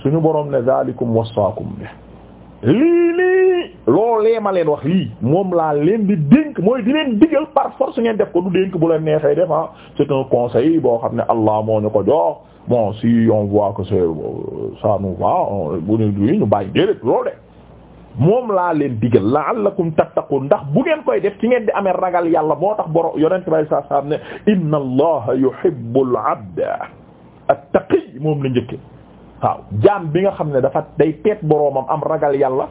suñu boroom ne zalikum wasaakum bi lii nii loolee leen wax lii moom laa leen bi dénk mooy di leen digal par force ngeen def ko du dénk bu la neexee def ah c'est un conseil boo xam ne Allah moo ñu ko jox bon si on voit que c'est ça nous bu ne du ñu bàyyi déedéet loolu moom laa leen digal la'allakum tattaqun ndax bu ngeen koy def ci ngeen di amee ragal yàlla moo tax boro yonent sa saa saam ne inna allaha yuhibbul abda at-taqi moom la njëkke waaw jaam bi nga xam ne dafa day teet boroomam am ragal yàlla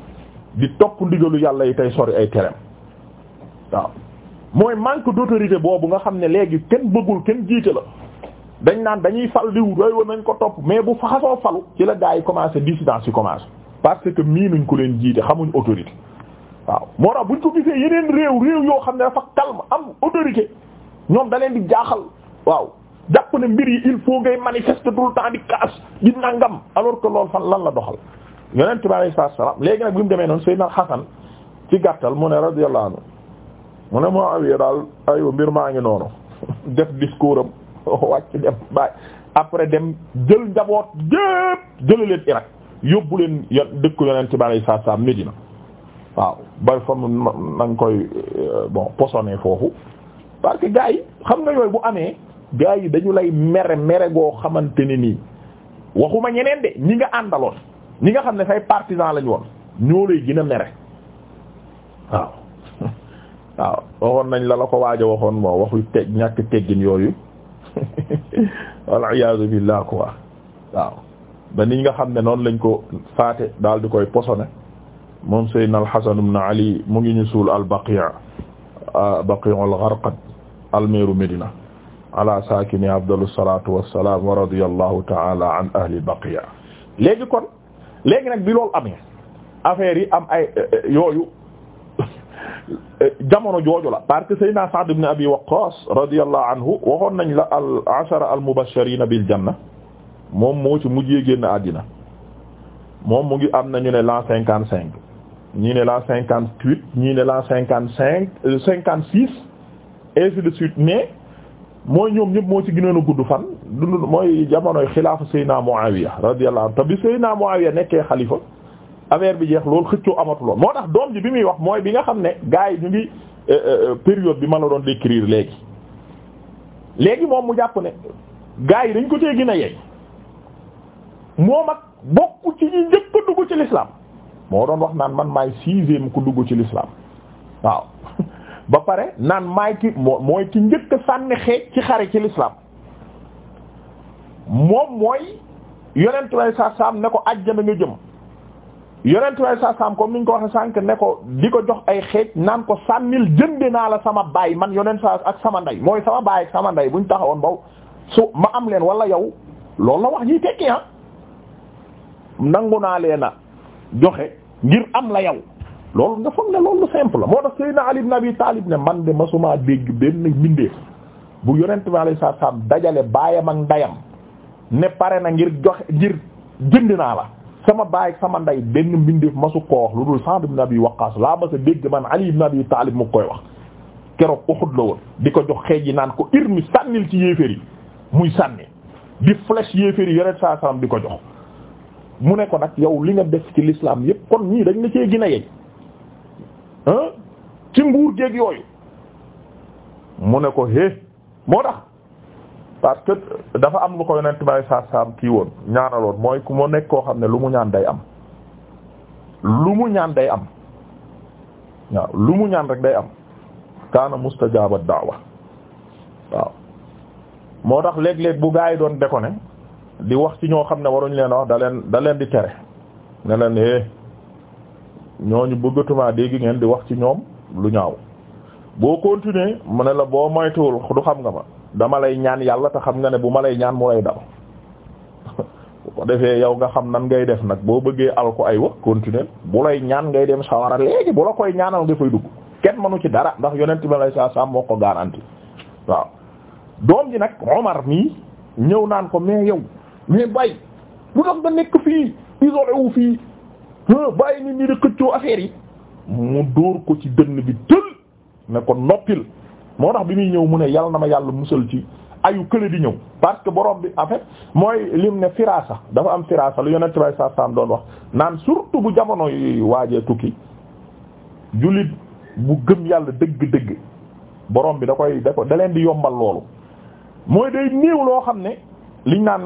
di topp ndigalu yàlla yi tey sori ay tereem waaw mooy manque d'autorité boobu nga xam ne léegi kenn bëggul kenn jiite la dañ naan dañuy fal di wut aywa nañ ko topp mais bu faxasoo falu ci la gaa yi commencé dissidence yi commencé parce que miinuñ ko leen jiite xamuñ autorité waaw moo tax buñ ko gisee yeneen réew réew yoo xam ne dafa calme am autorité ñoom daleen di jaaxal waaw jàpp ne mbir yi il faut ngay manifester tout le temps di nangam alors que loolu fan lan la doxal yonent bi alayhi salaam léegi nag bi mu demee noonu Seydina Hasan ci gàttal mu ne radiyallahu anhu mu ne Muawiya daal aywa mbir maa ngi noonu def discours am dem bàyyi après dem jël njaboot yépp jëla leen yóbbu leen dëkk yonent bi alayhi salaam Medina waaw bay fa na nga koy euh, bon foofu parce que gars xam nga yooyu bu amee. gaa yi dañu lay mere mere goo xamante ne nii waxuma ñeneen de ñi nga àndaloon ñi nga xam ne say partisan lañu woon ñoo lay gën a mere waaw waxoon nañ la la ko waaja waxoon moo waxu teg ñàkk teggin yooyu walla iyaazu billaah quoi waaw xam ne noonu lañ ko faate daal di koy posone moom Seydina al-Hasan Ali mu ngi ñu suul al-Baqi' Baqi' al-Gharqad almeeru Medina ala saakini afdalu salaatu wassalaam wa radiyallahu taala ahli baqiya léegi kon léegi nag bi loolu amee affaire yi am ay euh, euh, yooyu jamono jooju la parce que Seydina Sa'd ibn Abi Waqqas radiyallahu anhu waxoon nañ la al ashara al mubashirina bil janna moom moo ci mujjee génn àddina moom mu ngi am nañu ne l'an cinquante cinq ñii ne l'an cinquante huit ñii ne l'an cinquante cinq euh, cinquante six ainsi de suite mais mooy ñoom ñëpp moo ci gënoon a gudd fan dund mooy jamonoy xilaafu Seydina Muawiya radiyallahu anhu te bi Seydina Muawiya nekkee xalifa affaire bi jeex loolu xëccoo amatuloon moo tax doom ji bi muy wax mooy bi nga xam ne gars yi ñu ngi euh, euh, période bi ma la doon décrire léegi léegi moom mu jàpp ne gaa yi dañ ko cee gën a yey moom ak bokk ci ñu njëkk a ci l'islam moo doon wax naan man maay sixième ku dugg ci lislaam waaw ba pare naan maay ki mooy ci njëkk sànni xeej ci xare ci l'islam moom mooy yonent way sa saam ne ko ajjana nga jëm yonent way sa saam ni ñu ko waxe sànk ne ko di ko jox ay xeej naan ko sànnil jënde naa la sama baay man yonent sa ak sama ndey mooy sama baay ak sama ndey buñ taxawoon baw su ma am leen wala yow loolu la wax ñuy tekki ah nangu naa leen a joxe ngir am la yow loolu nga foog ne loolu simple la moo tax Seydina Ali ibn Abi Talib ne man de masuma dégg benn mbindeef bu yonent bi alayhi salaam dajale baayam ak ndayam ne pare na ngir jox ngir jënd naa la sama baay ak sama ndey benn mbindeef masu ko wax lu dul Sa'd ibn Abi Waqqas laa ma sa dégg man Ali ibn Abi Talib mu koy wax keroog Uhud la woon di ko jox xeej yi naan ko irmi sànnil ci yéeféer yi muy sànni di flèche yéeféer yi yonent salaam di ko jox mu ne nag yow li nga def ci l'islam kon ñii dañ la cee gën ci nguur géeg yooyu mu ne ko hé moo tax parce dafa am lu ko yonent bay saa saam kii woon ñaanaloon mooy ku mu nekk koo xam ne lu mu ñaan day am lu mu ñaan day am waaw lu mu ñaan rek day am kaana mustajaaba daawa waaw moo tax léeg-léeg bu gaa yi doon deko ne di wax ci ñoo xam ne waruñ leen wax daleen daleen di tere ne leen ñooñu bëggatumaa dégg ngeen di wax ci ñoom lu ñaaw boo continuer mu ne la boo moytuwul du xam nga ma dama lay ñaan yàlla te xam nga ne bu ma lay ñaan mu lay dal bu ko defee yow nga xam nan ngay def nag boo bëggee al ko ay wax continuer bu lay ñaan ngay dem sawara léegi bu la koy ñaanal nga fay dugg kenn mënu ci dara ndax yonent bi lay saa saa moo ko garanti waaw doom ji nag Omar mii ñëw naan ko mais yow mais bay lu tax nga nekk fii isolé fii bàyyi nit ñi di xëccoo affaire yi mu dóor ko ci dënn bi tël ne ko noppil moo tax bi muy ñëw mu ne yàlla na ma yàlla musal ci ayu kële di ñëw parce que borom bi en mooy lim ne firaasa dafa am firaasa lu yonent bay sa sam doon wax naan surtout bu jamono yi waajee tukki jullit bu gëm yàlla dëgg-dëgg borom bi da koy da ko da leen di yombal loolu mooy day néew loo xam ne liñ naan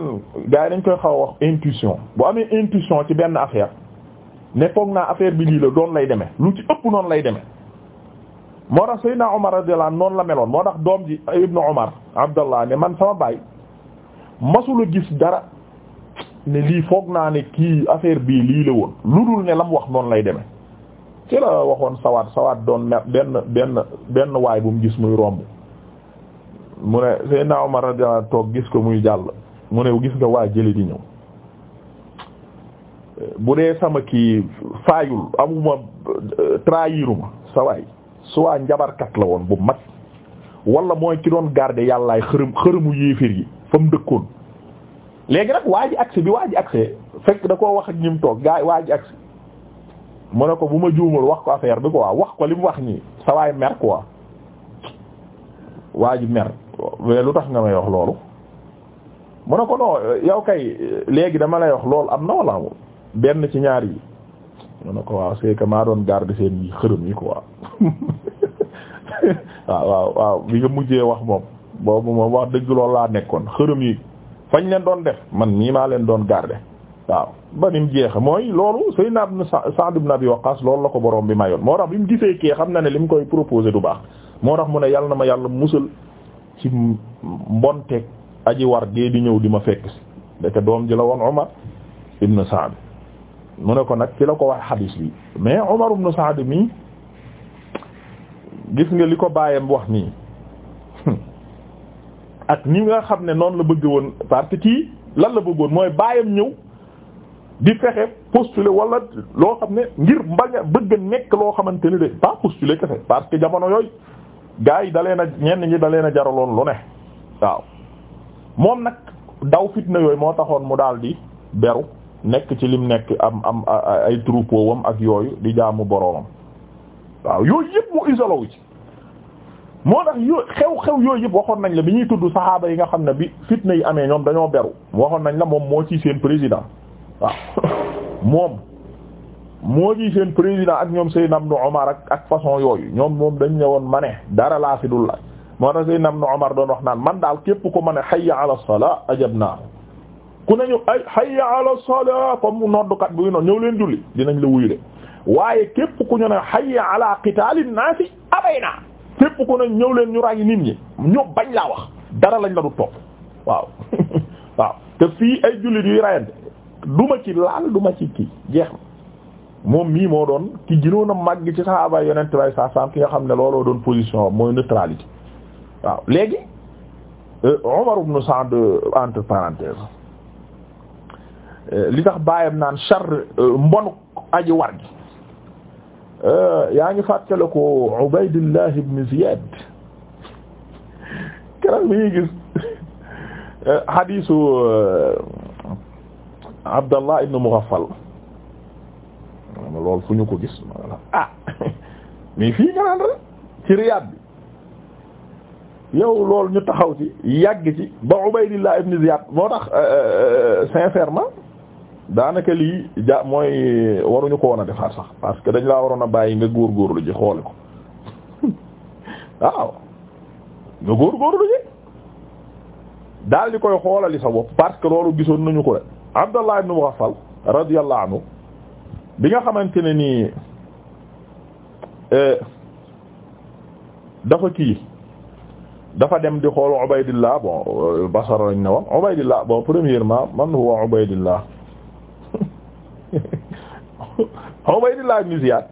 gars yi dañ koy xaw a wax intuition bu amee intuition ci benn affaire ne foog naa affaire bi lii la doon lay demee lu ci ëpp noonu lay demee moo tax Seydina Omar radiyallahu anhu la meloon moo tax doom ji Ibnu Omar Abdallah ne man sama baay masula gis dara ne lii foog naa ne kii affaire bi lii la woon lu dul ne la mu wax noonu lay demee ci la waxoon sawaat sawaat doon benn benn benn waay bu mu gis muy romb mu ne Seydina Omar radiyallahu toog gis ko muy jàll mu ne gis nga waa jëli di ñëw bu dee sama kii faayul amuma trahiruma sa waay soit njabarkat la woon bu mag walla mooy ki doon garder yàllaay xërëm xërëmu yéeféer yi fa mu dëkkoon léegi nag waa ji agsi bi waaj ji fekk da koo wax ak ñi mu toog gaa waa ji agsi mu ne ko bu ma juumal wax ko affaire bi quoi wax ko li mu wax nii sa mer quoi waa ji mer mais lu tax nga may yox loolu mu ne ko non yow kay léegi dama lay wax loolu am na wala amul benn ci ñaar yi mu ne ko waaw c'est que maa doon garder seen yi xërëm yi quoi waaw waaw waaw bi nga mujjee wax moom boobu moom wax dëgg loolu laa nekkoon xërëm yi fañ leen doon def man nii maa leen doon garder waaw ba ni jeex jeexa mooy loolu na sa Seydina Ibn Sa'd ibn Abi Waqqas loolu la ko borom bi mayoon moo tax bi mu gisee kee xam na ne li mu koy proposé du baax moo tax mu ne yàlla na ma yàlla musal ci mbonteeg aji war dee di ñëw di ma fekk doom ji la woon Umar ibn mu ne ko nag ki la ko wax xadiis bi mais Umar na Sa'd mi gis nga li ko baayam wax nii ak ni nga xam ne noonu la bëgg woon parce que kii lan la bëggoon mooy baayam ñëw di fexe postuler wala loo xam ne ngir ba a bëgg a nekk loo xamante ne de pas postuler kese parce que jamono yooyu gars yi dalee na ñenn ñi dalee na jaraloon lu ne waaw moom nag daw fitna yooyu moo taxoon mu daal di beru nekk ci lim nekk am am ay troupeau wam ak yooyu di jaamu boroomam waaw yooyu yëpp mu isolé wu ci moo tax yo xew-xew yooyu yëpp waxoon nañ la bi ñuy tudd saxaaba yi nga xam ne bi fitna yi amee ñoom dañoo beru waxoon nañ la moom moo ci seen président waaw moom moo ci seen président ak ñoom Seydina Ibn Omar ak ak façon yooyu ñoom moom dañ ne woon ma ne dara laa fi dul la moo tax Seydina Ibn Omar doon wax naan man daal képp ko ma ne hayya ala salaa ajabnaa ku nañu ay hayya ala salaa comme noddukat bu noonu ñëw leen julli dinañ la wuyu de waaye képp ku ñu ne hayya ala qitaalin naasi abayna képp ku ne ñëw leen ñu ràññi nit ñi ñoo bañ laa wax dara lañ la du topp waaw waaw te fii ay jullit yuy rayante duma ci laal duma ci kii jeex moom mii moo doon ki gënoon a màgg ci saxaaba yonent bay sa sam ki nga xam ne looloo doon position mooy neutralité waaw léegi Umar euh, ibn Sa'd entre parenthèses li tax baayam naan char euh, mbonu aji war gi euh, yaa ngi fàttale ko Ubaydillah ibn Ziyad keroog mi ngi gis euh, hadisu Abdallah ibn Mughaffal loolu fu ñu ko gis ah mais fii nga naan rek ci Riyad bi yow loolu ñu taxaw ci yàgg ci ba Ubaydillah ibn Ziyad moo tax sincèrement daanaka lii ja mooy waruñu ko woon a defar sax parce que dañ laa waroon a bàyyi nga góorgóorlu ji xoole ko waaw nga góorgóorlu ji daal di koy xoolali sa bopp parce que loolu gisoon nañu ko de Abdallah ibn Mughaffal radiyallahu anhu bi nga xamante ne nii eh, dafa kii dafa dem di xool Ubaydillah bon Basra lañ ne woon Ubaydillah bon premièrement man huwa Ubaydillah Ubaydillah ibn Ziyad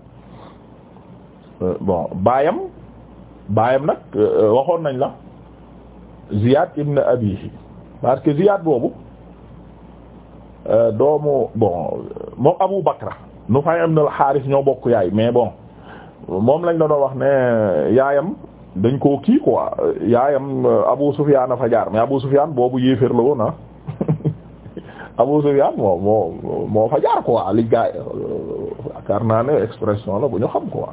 euh, bon baayam baayam nag euh, euh, waxoon nañ la Ziyad ibn Abihi parce que Ziyad boobu doomu bon moom Abu Bakra Nufay ibn al-Harith ñoo bokk yaay mais bon moom lañ la doo wax ne yaayam dañ ko kii quoi yaayam Abu Sufyan a fa jaar mais Abu Sufyan boobu yéeféer la woon ah Abu Sufyan moo moo moo fa jaar quoi li gaay yaakaar naa ne expression la bu ñu xam quoi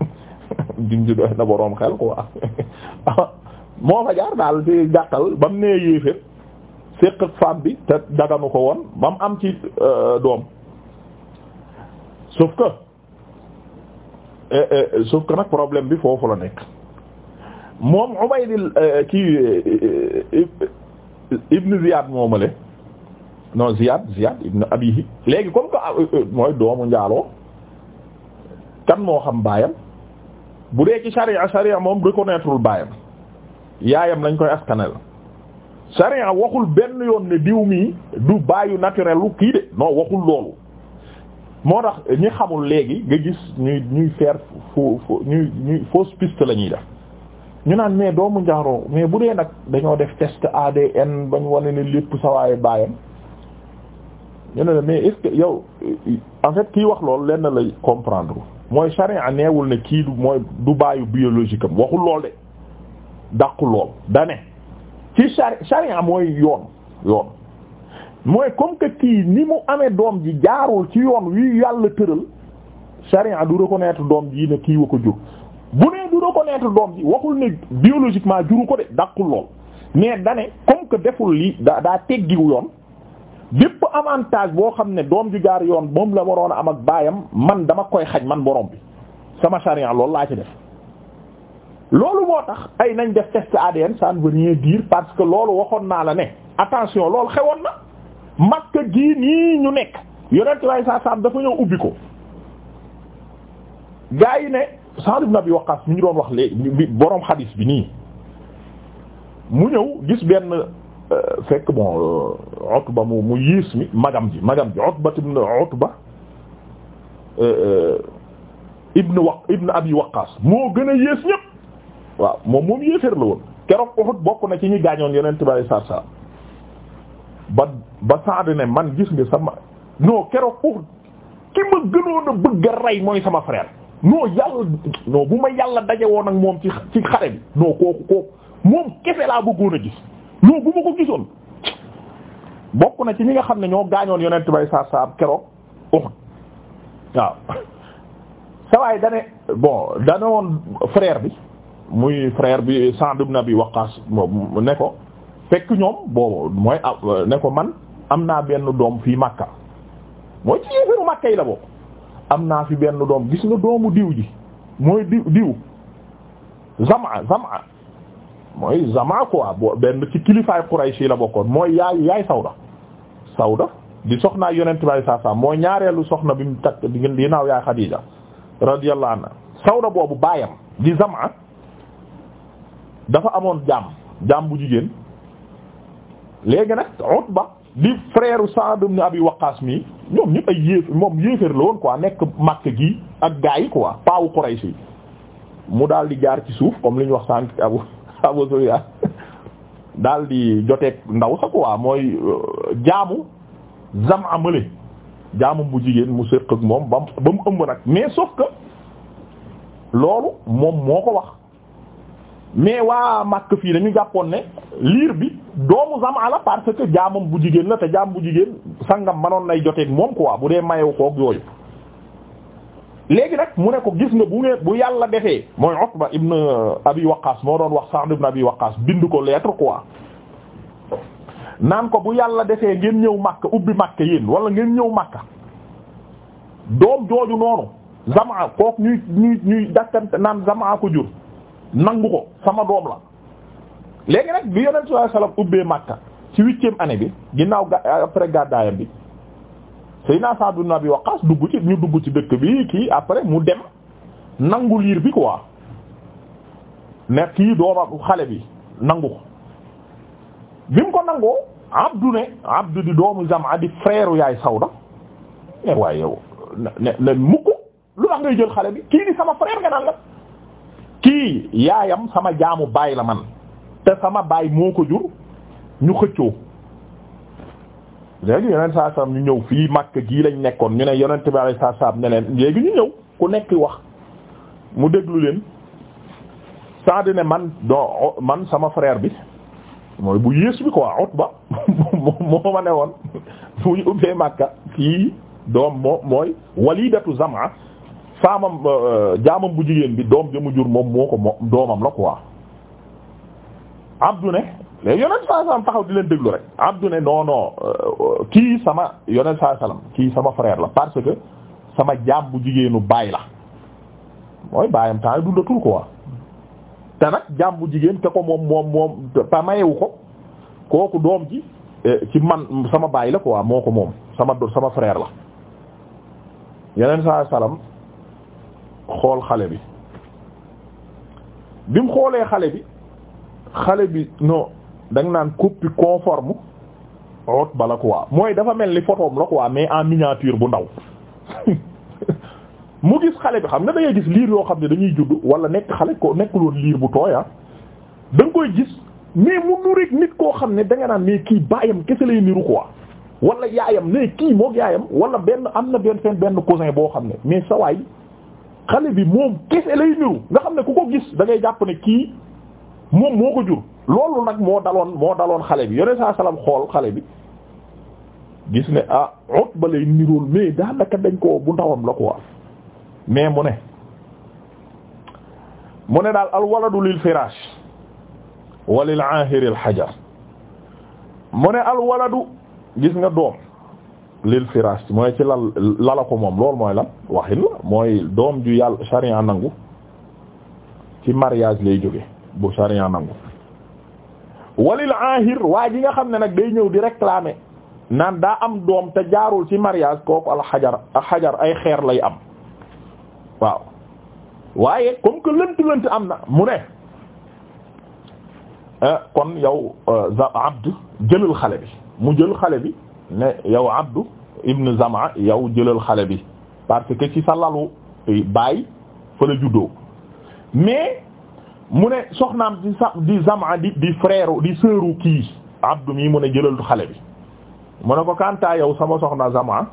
junj doy na boroom xel quoi moo fa jaar daal ci gàttal ba mu nee yéeféer séq bi te daganu ko woon ba am ci euh, doom sauf que eh, eh, sauf que nag problème bi foofu la nekk moom Ubaydil euh, kii euh, Ibn Ziyad moomale non Ziyad Ziyad ibn Abihi léegi comme que euh, euh, mooy doomu njaaloo kan moo xam baayam bu dee ci charia charia moom bu baayam yaayam lañ koy askanel charia waxul benn yoon ne diw mii du baayu naturel lu kii de non waxul loolu moo tax ñi xamul léegi nga gis ñuy ñuy faire faux faux ñuy ñuy fausse piste la ñuy def ñu naan mais doomu njaaroo mais bu dee nag dañoo def test ADN bañ wane ne lépp sawaaye baayam ñu mais est-ce que yow en fait kii wax loolu lenn la comprendre mooy charia neewul ne kii du mooy du bàyyi biologique am waxul lool de dàqul lool dane ci charia mooy yoon yoon mooy comme que kii ni mu amee doom ji jaarul ci yoon wi yàlla tëral charia du reconnaitre doom ji ne kii wa ko jur bu nee du reconnaître doom ji waxul ne biologiquement juru ko de dàqul lool mais dane comme que deful lii daa daa teggiwu yoon bépp avantage boo xam ne doom ju jaar yoon moom la waroon a ak baayam man dama koy xaj man boroom bi sama charia loolu laa ci def loolu moo tax ay nañ def test ADN ça ne veut parce que loolu waxoon naa la ne attention loolu xewoon na Makka gii nii ñu nekk yonent waaye saa saam dafa ñëw ubbi ko gaa yi ne Sa'd ibn Abi Waqqas mi ñu doon wax léegi boroom xadiis bi nii mu ñëw gis benn fekk bon euh, Utba mu mu yiis mi magam ji magam ji Utba na Utba euh, euh, ibn wa ibn Abi Waqqas moo gën a yées ñëpp waaw moom moom yéeféer la woon keroog Uhud bokk na ci ñi gaañoon yeneen tubaab yi ba ba Saad ne man gis nga sama non keroog Uhud ki ma gënoon a bëgg a rey mooy sama frère non yàlla non bu ma yàlla daje woon ak moom ci ci xare bi non kooku kooku moom kese laa bëggoon a gis. non bu ma ko gisoon bokk na ci ñi nga xam ne ñoo gaañoon yonent bay saa saa keroog Uhud waaw sawaay dane bon dane woon frère bi muy frair bi Sa'd na bi Waqqas ne ko fekk ñoom boobu mooy ne ko man am naa benn doom fii Makka mooy ci yéefaru Makka yi la bokk am naa fi benn doom gis nga doomu diw ji mooy diw diw Zam'a Zam'a mooy zama quoi boo benn ci kilifaay Quraysh yi la bokkoon mooy yaayu yaay Sawda Sawda di soxnaa yonent bi saa saa mooy ñaareelu soxna bi mu takk di ginnaaw yaay Xadiija radiyallahu anha Sawda boobu baayam di zama dafa amoon jaam jaam bu jigéen léegi nag Utba di frère Sa'd ibn Abi Waqqas mi ñoom ñëpp ay yéef moom yéeféer nekk Makka gi ak gaa yi quoi paawu Quraysh yi mu daal di jaar ci suuf comme li ñu wax sànq Abu Abu Sufyan daal di joteeg ndaw sa waa mooy euh, jaamu zam amale jaamu bu jigéen mu séq ak moom ba ba ëmb nag mais sauf que loolu moom moo ko wax mais waa màkk fii dañu jàppoon ne liir bi doomu zama la parce que jaamam bu jigéen la te jaam bu jigéen sangam manoon nay joteeg moom quoi bu dee mayew koog yooyu léegi nag mu ne ko gis nga bu ngeen bu yàlla defee mooy Uqba ibn Abi Waqqas moo doon wax Sa'd ibn Abi Waqqas bind ko lettre quoi naan ko bu yàlla defee ngeen ñëw Makka ubbi Makka yéen wala ngeen ñëw Makka doom jooju noonu Zamaa kooku ñuy ñuy dakkante naan Zamaa ko jur nangu ko sama doom la. léegi nag bi Yonent sallallahu alayhi ubbee Makka ci huitième année bi ginnaaw ga après gàddaayam bi. Seydina Sa'd ibn bi Waqqas dugg ci ñu dugg ci dëkk bi kii après mu dem nangu liir bi quoi ne kii doomam xale bi nangu ko bi mu ko nangoo Abdu ne Abdu di doomu Zam'a di frère yaay Sawda mais eh waaye yow ne ne mukk lu tax ngay jël xale bi kii di sama frère nga naan la kii yaayam sama jaamu baay la man te sama baay moo ko jur ñu xëccoo. léegi yonent saa saam ñu ñëw fii Makka gii lañ nekkoon ñu ne yonent bi alayhi saa saam ne leen léegi ñu ñëw ku nekk wax mu déglu leen saa ne man doo man sama frère bi mooy bu yées bi quoi Utba moo ma ne woon fu ñu ubbee Makka kii doom moo mooy walidatu Zam'a faamam euh, euh, jaamam bu jigéen bi doom jëmu jur moom moo ko doomam la quoi Abdu ne léegi yonent saa salaam taxaw di leen déglu rek abdu ne non euh, kii sama yonent saa salaam kii sama frère la parce que sama jaam bu jigéenu baay la mooy baayam temps yi ko quoi te nag jaam bu jigéen te ko moom moom moom te mayewu ko kooku doom ji eh, ci man sama baay la quoi moo ko moom sama sama frère la yonent sa salaam xool xale bi bi mu xoolee xale bi xale bi non. da nga naan copie conforme ot ko quoi mooy dafa mel ni photom la waa mais en miniature bu ndaw mu gis xale bi xam nga da ngay gis liir yoo xam ne dañuy judd wala nekk xale ko nekk nekkuloon liir bu tooy ah koy gis mais mu nu nit koo xam ne da nga naan mais kii baayam kese lay niru quoi wala yaayam ne kii moog yaayam wala benn am na benn seen benn cousin boo xam ne mais sa xale bi moom kese lay niru nga xam ne ku ko gis da ngay kii moom moo ko jur loolu nag moo daloon moo daloon xale bi yoneen saa salaam xool xale bi gis ne ah Utba lay nirool mais daanaka dañ koo bu ndawam la ko mais mu ne mu ne daal al waladu lil firaash wa lil aahiri al hajar mu ne al waladu gis nga doom lil firaash mooy ci lal lala moom loolu mooy lan waxin la mooy doom ju yàll sharia nangu ci mariage lay jóge bu sharia nangu walil ahir waa ji nga xam ne nag day ñëw di réclamer naan daa am doom te jaarul ci mariage kooku alxajar xajar ay xeer lay am waaw waaye comme que lënt lënt am na mu ne eh, kon yow eh, abd jëlal xale bi mu jël xale bi ne yow abd ibn zama yow jëlal xale bi parce que ci sa lalu eh, baay fa la juddoo mais mu ne soxnaam di sa di zama di di frère di sœuru kii abdu mi mu ne jëlal du xale bi mu ne ko kantaa yow sama soxna zama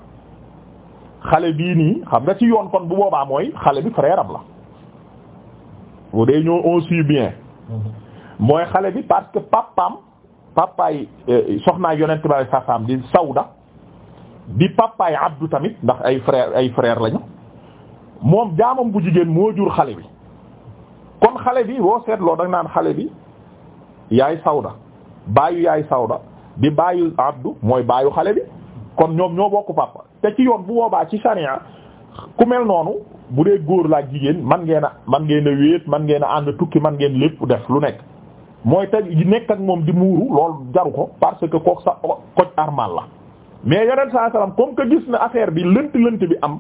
xale bii nii xam nga ci yoon kon bu boobaa mooy xale bi frère am la bu dee ñoo on bien mooy xale bi parce que papam papaay euh, soxnaa yonent bi saasaam di sawda di papaay abdu tamit ndax ay frère ay frère lañu moom jaamam bu jigéen moo jur xale bi xale bi boo seetloo danga naan xale bi yaay sawda baayu yaay sawda di baayu abdu mooy baayu xale bi kon ñoom ñoo bokk papa te ci yoon bu boobaa ci sharia ku mel noonu bu dee góor laa jigéen man ngeen a man ngeen a wéet man ngeen a ànd tukki man ngeen lépp def lu nekk mooy te nekk ak moom di muuru loolu jaru ko parce que kook sa koj armal la mais yonent saa salaam comme que gis na affaire bi lënt lënt bi am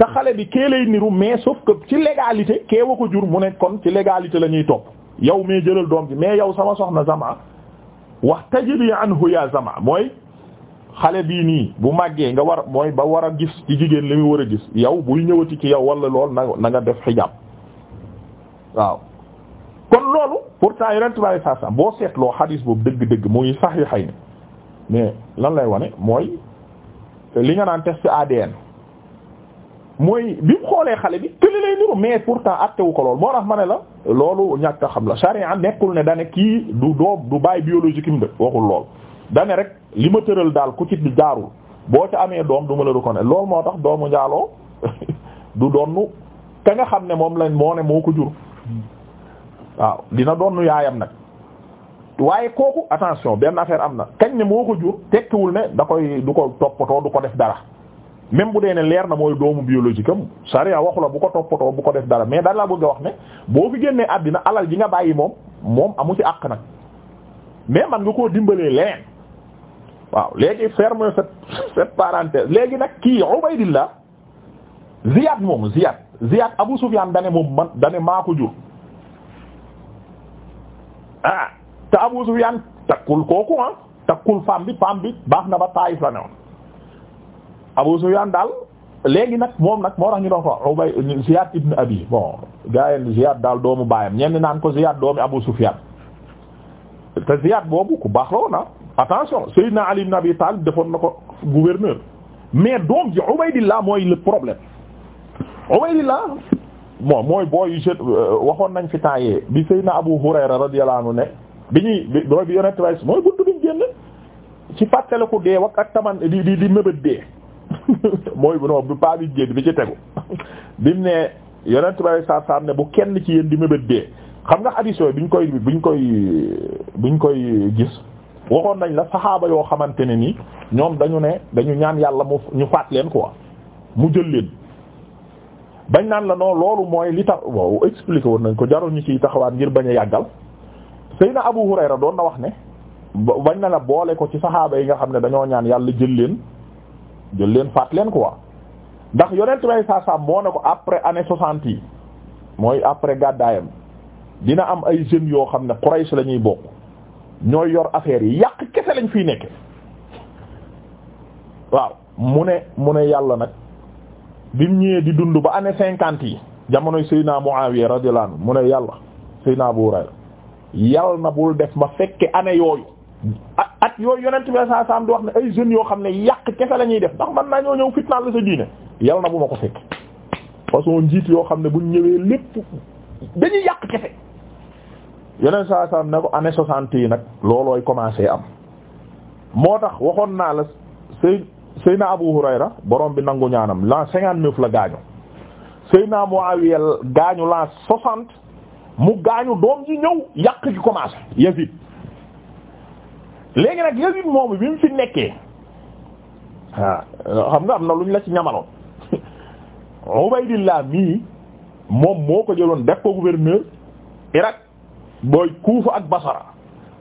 te xale bi kee lay niru mais sauf que ci légalité kee wa ko jur mu ne kon ci légalité la ñuy topp yow mais jëlal doom bi mais yow sama soxna Zama wax tajibi anhu ya Zama mooy xale bii nii bu màggee nga war mooy ba war a gis ci jigéen li mu war a gis yow buy ñëwati ci yow wala lool na na nga def xijaab waaw. kon loolu pourtant yeneen tubaab yi saa boo seetloo xadiis boobu dëgg-dëgg muy saxiixayni mais lan lay wane mooy li nga naan test ADN. mooy bi mu xoolee xale bi kële lay niru mais pourtant attewu ko lool moo tax ma ne la loolu ñàkk a xam la charia nekkul ne dane kii du doom du bàyyi biologique im de waxul lool dane rek li ma tëral daal ku ci jaarul boo ca amee doom du ma la reconnaître loolu moo tax doomu njaaloo du donnu ka nga xam ne moom la moo ne moo ko jur waaw dina donnu yaayam nag waaye kooku attention benn affaire am na kañ ne moo ko jur tekkiwul ne da koy du ko toppatoo du ko def dara même bu dee ne leer na mooy doomu biologique am sariya waxu la bu ko toppatoo bu ko def dara mais dara la bëgg a wax ne boo fi génnee àddina alal ji nga bàyyi moom moom amu ci àq nag mais man nga koo dimbalee leneen waaw léegi ferme cette cette parenthèse léegi nag kii Ubaydillah Ziyad moom Ziyad Ziyad Abu Sufyan dane moom man dane maa ko jur ah te Abu Sufyan takkul kooku ah takkul femme bi femme bi baax na ba Taayif la ne woon Abu Sufyaan daal léegi nag moom nag moo tax ñu doon ko Ubay Ziyaad ibn Abi bon gaa Ziyaad daal doomu baayam ñenn naan ko Ziyaad doomu Abu Sufyaan te Ziyaad boobu ku baax la woon ah attention Seydina Ali ibn Abi defoon na ko gouverneur mais doom ji Ubaydillah mooy le problème Ubaydillah bon mooy booy je waxoon nañ fi temps bi Seydina Abu Hurayra radiyallahu anhu ne bi ñuy booy bi yonent way mooy buntu biñ génn ci fàttaliku dee ak ak taman di di di mébét dee mooy bu no bu paa bi jéeg bi ci tegu bi mu ne yonent bi saa saa ne bu kenn ci yéen di mébét dee xam nga hadith yooyu biñ koy biñ koy biñ koy gis waxoon nañ la saxaaba yoo xamante ne ni ñoom dañu ne dañu ñaan yàlla mu ñu faat leen quoi mu jël leen. bañ naan la non loolu mooy li tax waaw woon nañ ko jarul ñu ciy taxawaat ngir bañ a yàggal Seydina Abu Hurayra doon na wax ne bañ na la boole ko ci saxaaba yi nga xam ne dañoo ñaan yàlla jël leen. jël leen faat leen ko quoi ndax yonent bay saa moo ne ko après année soixante yi mooy après gàddaayam dina am ay jeunes yoo xam ne Quraysh la ñuy bokk ñooy yor affaire yi yàq kese lañ fiy nekke waaw mu ne mu ne yàlla nag bim ñëwee di dund ba année cinquante yi jamonoy Seydina Muawiya radiyallahu anhu mu ne yàlla Seydina Abu Hurayra yàlla na bul def ma fekke année yooyu at yooyu yonent bi saa saam di wax ne ay jeunes yoo xam ne yàq kese la ñuy def ndax man naa ñëw fitnaal la sa diine yal na bu ma ko fekk façon njiit yoo xam ne buñ ñëwee lépp dañuy yàq kese yonent saa saam ne ko yi nag loolooy commencé am moo tax waxoon naa la sëy naa Abu Hurayra borom bi nangu ñaanam l'an cinquante-neuf la gaañu Seyna Muawiya gaañu l'an soixante mu gaañu doom ji ñëw yàq gi commencé Yazid léegi nag Yazid moomu bi mu fi nekkee waaw ah, xam nga am na lu ñu la ci ñamaloon Ubaydillah mii moom moo ko jëloon def ko gouverneur Irak booy Kufa ak Basra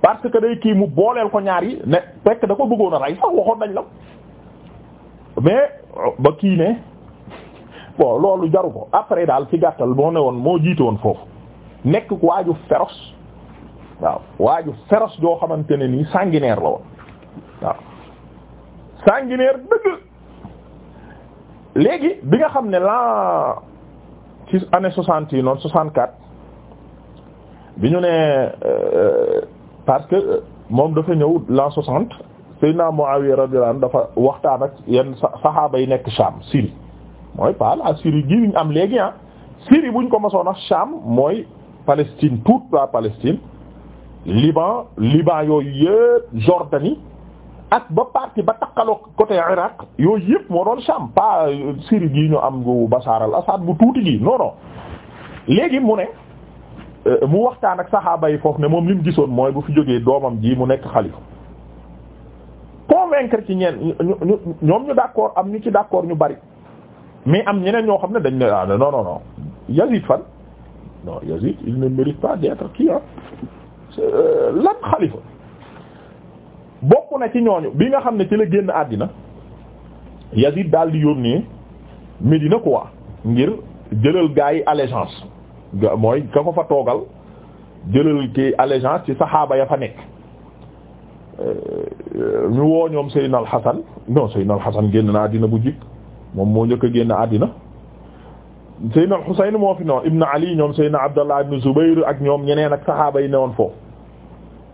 parce que day kii mu booleel ko ñaar yi ne fekk da ko bëggoon a rey sax waxoon nañ la mais ba kii ne bon loolu jaru ko après daal ci gàttal moo ne woon moo jiite woon foofu nekk waaju féroce waaw waa ju féroce joo xamante ne nii sanguinaire la woon waaw sanguinaire dëgg léegi bi nga xam ne la ci année soixante yi noonu soixante quatre bi ñu ne euh, parce que euh, moom dafa ñëw l'an soixante Seydina Muawiya radiyallahu anhu dafa waxtaan ak yenn saxaaba yi nekk Sham Syrie mooy pas la Syrie gi ñu am léegi ah Syrie buñ ko mosoon ak Sham mooy Palestine toute la Palestine Liban Liban yooyu yëpp Jordanie ak ba partie ba takkaloo côté Irak yooyu yëpp moo doon Sham pas Syrie gii ñu am bu Bachar al-Assad bu tuuti gi non léegi mu ne euh, mu waxtaan ak saxaaba yi foofu ne moom li mu gisoon mooy bu fi jógee doomam ji mu nekk xalifa convaincre ci ñeen ñu ñoom ñu d'accord am ñu ci d'accord ñu bari mais am ñeneen ñoo xam ne dañ ne ah non non non fan non Yazid il ne mérite pas d'être kii ah Euh, lat xalifa bokk na ci ñooñu bi nga xam ne ci la génn àddina Yazid daal di yónnee Médina quoi ngir jëlal gaa yi allégeance mooy ka ko fa toogal jëlal ki allégeance ci saxaaba ya fa nekk euh, ñu woo ñoom Seydina Al Hassan non Seydina Al Hassan génn na àddina bu jik moom moo njëkk a génn àddina Seydina Al Husayn moo fi noonu Ibn Ali ñoom Seydina Abdallah ibn Zubayr ak ñoom ñeneen ak saxaaba yi newoon foofu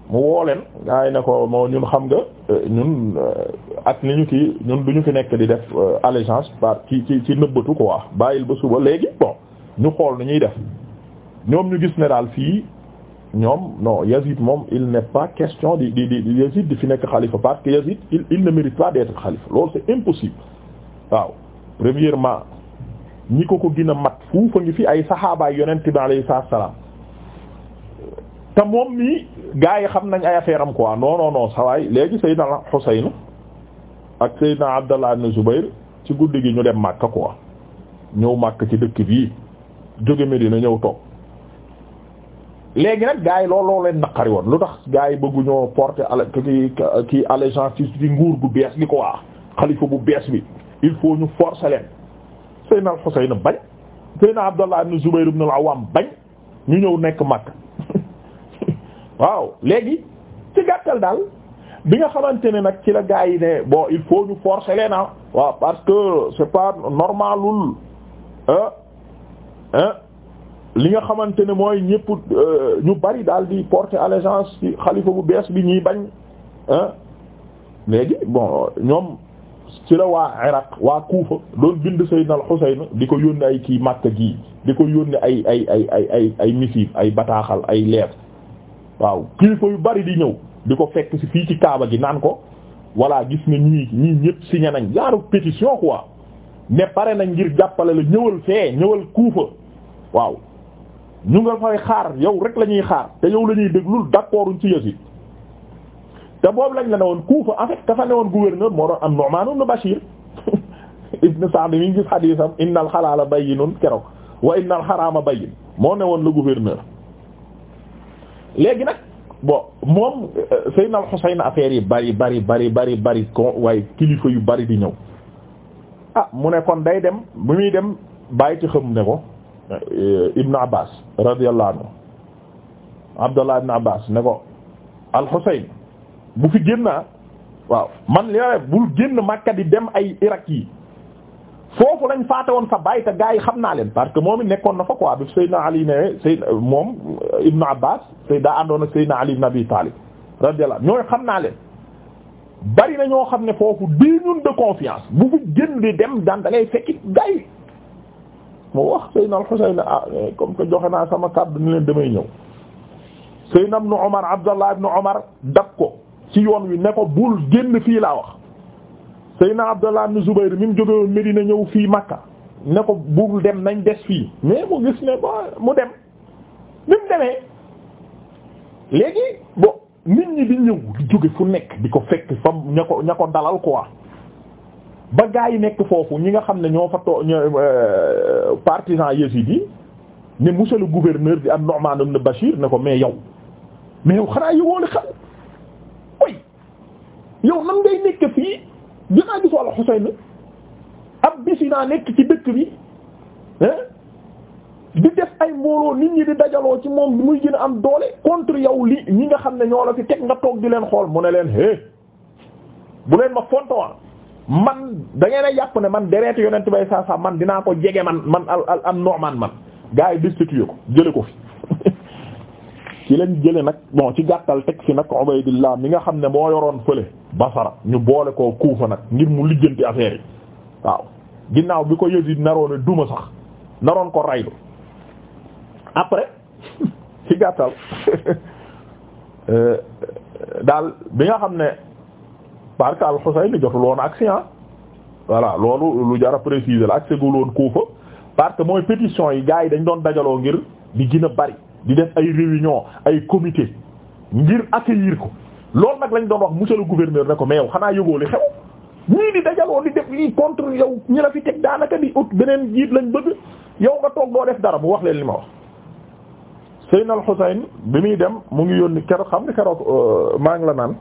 mu woo leen gars yi ne ko moo ñun xam nga euh, ñun euh, ak ni ñu kii ñun du ñu ki nekk di def euh, allégeance par ci ci ci ko quoi bàyyil ba suba léegi bon ñu xool ni ñuy def ñoom ñu gis ne daal fii ñoom non Yazid moom il n'est pas question di di di Yazid di fi nekk xalifa parce que Yazid il il ne mérite pas d'être xalifa loolu c'est impossible waaw premièrement ñi ko ko gën a mat fuufa ngi fi ay saxaabaay yonent bi alayhi salaam te moom mii gaa yi xam nañ ay affaire am quoi non non non sawaay léegi Seydina Xuseyn ak Seydina Abdallah ibn Zubayr ci guddi gi ñu dem Makka quoi ñëw màkk ci dëkk bii jóge Medina ñëw toog léegi nag gars yi looloo leen naqari woon lu tax gars yi bëgguñoo porter al kii kii allégeance ci nguur bu bees gi quoi xalifa bu bees bi il faut ñu forcer leen Seydina Xuseyn bañ Seydina Abdallah ibn Zubayr ibn al bañ ñu ñëw nekk Makka. waaw léegi ci gàttal daal bi nga xamante ne nag ci la gaa yi ne bon il faut ñu forcer leen ah. waaw parce que c'est pas normalul ah ah li nga xamante ne mooy ñëpp euh, ñu bari daal di porter allégeance ci xalifa bu bees bi ñuy bañ ah léegi bon ñoom ci la waa Iraq waa Kuufa doon bind Sayyidna al-Husayn di ko yónni ay kii Makka gi di ko yónni ay ay ay ay ay ay missive ay bataaxal ay lettre waaw kilifa yu bari di ñëw di ko fekk ci fii ci kaaba gi naan ko voilà gis nga ñii ñii ñëpp signé nañ jaaru pétition quoi mais pare nañ ngir jàppale la ñëwal fee ñëwal kuufa waaw ñu nga fay xaar yow rek lañuy xaar te yow la ñuy déglul d'accord uñ ci yësit te boobu lañ la ne woon kuufa en fait fa ne woon gouverneur moo doon am Nu'man ibn Bashir ibn Sa'd mi ngi gis xadiisam innal xalaala bayyinun keroog wa innal xaraama bayyin moo ne woon la gouverneur léegi nag bon moom euh, Seydina Al-Husayn affaire yi bari bari bari bari bari ko waaye kilifa yu bari di ñëw ah mu nekkoon day dem bu muy dem bàyyi ci xam ne ko euh, Ibn Abbas radiyallahu anhu Abdullah Ibn Abbas ne ko Al-Husayn bu fi génn waaw man li bul génn Makka dem ay Irak yi foofu lañ faate woon fa bàyyi te gaa yi xam naa leen parce que moom it nekkoon na fa quoi bi Seydina Ali ne Seydina moom Ibn Abbas Seydina àndoon ak Seydina Ali ibn Abi Talib radiyallahu ñooy xam naa leen. bari na ñoo xam ne foofu di ñun de confiance bu fi génn di dem daan da ngay fekki gaa wax Seydina al ah, eh, comme que joxe naa sama kàddu ni leen damay ñëw. Seydina ibn Omar Abdallah ibn Omar dab ko ci yoon wi ne ko bul génn fii laa wax. Seyna Abdallah ibn Zubayr mi mu jóge woon Medina ñëw fii Makka ne ko bul dem nañ des fii mais mu gis ne ba mu dem ni mu demee léegi bon nit ñi di ñëw di jóge fu nekk di ko fekk fa ña ko ña ko dalal quoi ba gaa yi nekk foofu ñi nga xam ne ñoo fa too euh, partisan yésid yi ne monsieur le gouverneur bi am Nu'man ibn Bashir ne ko mais yow mais yow xanaa yowooli xam way yow nan ngay nekk fii dinaa gis walla Xuseyn ab bisi naa nekk ci dëkk bi bi def ay mbooloo nit ñi di dajaloo ci moom muy gën a am doole contre yow li ñi nga xam ne ñoo la fi teg nga toog di leen xool mu ne leen hé bu leen ma fontowa man da ne a yàpp ne man dereet yonent bay saa saa man dinaa ko jege man man al al am normal man gaa yi destitué ko jële ko fi ci leen jële nag bon ci gàttal teg fi nag Ubaydillah mi nga xam ne boo yoroon fële basara ñu boole koo kuufa nag ngir mu lijjanti affaire yi waaw ginnaaw bi ko Yazid naroon duma sax naroon ko raylu après ci gàttal euh, daal bi nga xam ne parce que al-Husayn jotul woon accès ah. voilà loolu lu jar préciser la accès gul woon kuufa parce que mooy pétition yi gars yi dañ doon dajaloo ngir di gën bari di def ay réunion ay comité ngir accueillir ko loolu nag lañ doon wax monsieur le gouverneur ne ko mais yow xanaa yëgoo li xew ñii di dajaloo di def lii contre yow ñi la fi teg daanaka di ut beneen jiit lañ bëgg yow ma toog doo def dara mu wax leen li ma wax. Seydina Al Xuseyn bi muy dem mu ngi yónni keroog xam nga keroog euh, maa ngi la naan.